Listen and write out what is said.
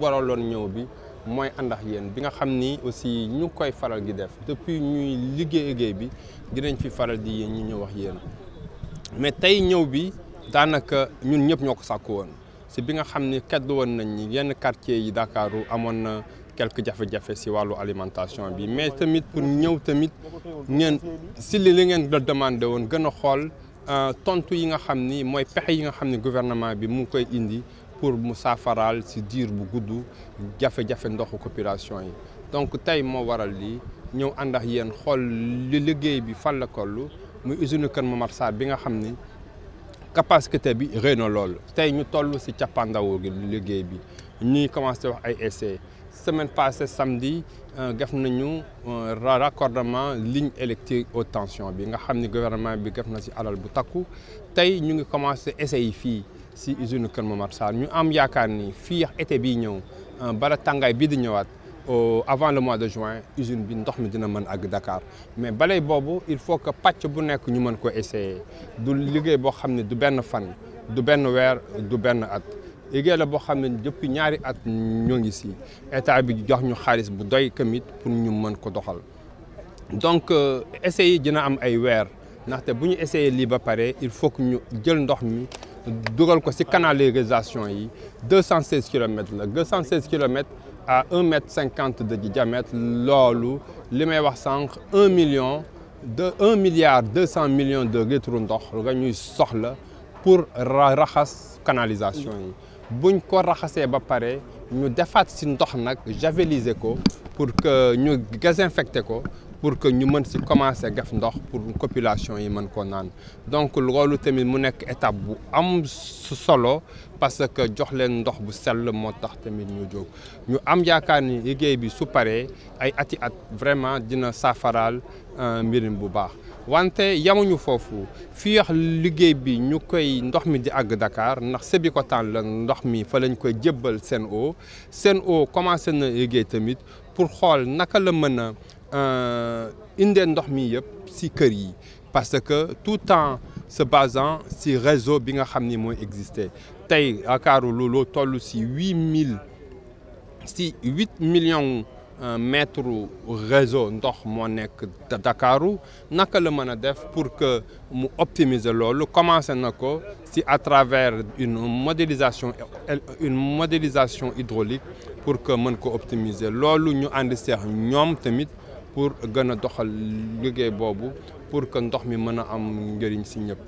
waraloon ñëw bi mooy àndax yéen bi nga xam ni aussi ñu koy faral gi def depuis ñuy liggéey liggéey bi dinañ fi faral di yéen ñu ñëw wax yéen mais tey ñëw bi daanaka ñun ñëpp ñoo ko sàkku woon si bi nga xam ni kaddu woon nañ ni yenn quartier yi Ndakaaru amoon na quelques jafe-jafe si wàllu alimentation bi mais tamit pour ñëw tamit ngeen si li li ngeen la demandé woon gën a xool euh, tontu yi nga xam ni mooy pexe yi nga xam ni gouvernement bi mu koy indi pour mu saafaraal si diir bu gudd jafe-jafe ndoxu population yi donc tey moo waral lii ñëw ànd ak yéen xool li liggéey bi fan la toll muy usine Kër Momar Sarr bi nga xam ni capacité bi rëy na lool tey ñu toll ci cappaandawu gi liggéey bi ñuy commencé wax ay essais semaine passée samedi euh, def nañu euh, raccordement ligne électrique haute tension bi nga xam ni gouvernement bi def na si alal bu takku tey ñu ngi commencé essayer fii ci usine Kër Momar Sarr ñu am yaakaar ni fii ak été bii ñëw euh, bala tàngaay bii di ñëwaat avant le mois de juin usine bi ndox mi dina mën àgg dakaar mais bale boobu il faut que pacc bu nekk ñu mën ko essayer du liggéey boo xam ne du benn fan du benn weer du benn at liggéey la boo xam ne depuis ñaari at ñoo ngi si état bi jox ñu xaalis bu doy kamit pour ñu mën ko doxal donc euh, essais yi dina am ay weer ndaxte bu ñu essayé lii ba pare il faut que ñu jël ndox mi dugal ko si canalisation yi deux cent seize kilomètres la deux cent seize kilomètres à un cinquante de diamètre loolu li may wax sànq un million de un milliard deux cent millions de litres ndox nga ñuy soxla pour raxas canalisation yi buñ ko raxasee ba pare ñu defaat si ndox nag javelise ko pour que ñu désinfecté ko pour que ñu mën si commencer gaf ndox pour population yi mën koo naan donc loolu tamit mu nekk étape bu am solo parce que jox leen ndox bu sell moo tax tamit ñu jóg ñu am yaakaar ni liggéey bi su paree ay ati at vraiment dina saafaraal euh, mbirim bu baax wante yamuñu foofu fii wax liggéey bi ñu koy ndox mi di àgg Dakar ndax Sébikotane la ndox mi fa lañ koy jébbal seen o commencé na liggéey tamit pour xool naka la mën a Euh, indee ndox mi yëpp si kër yi parce que tout temps se basant si réseau bi nga xam ni mooy existe tey akaaru loolu toll si huit mille si huit millions euh, mètre réseau ndox moo nekk Dakaru naka la mën a def pour que mu optimiser loolu commencé na ko si à travers une modélisation une modélisation hydraulique pour que mën ko optimiser loolu ñu ànd seex ñoom tamit pour gën a doxal liggéey boobu pour que ndox mi mën a am njëriñ si ñëpp.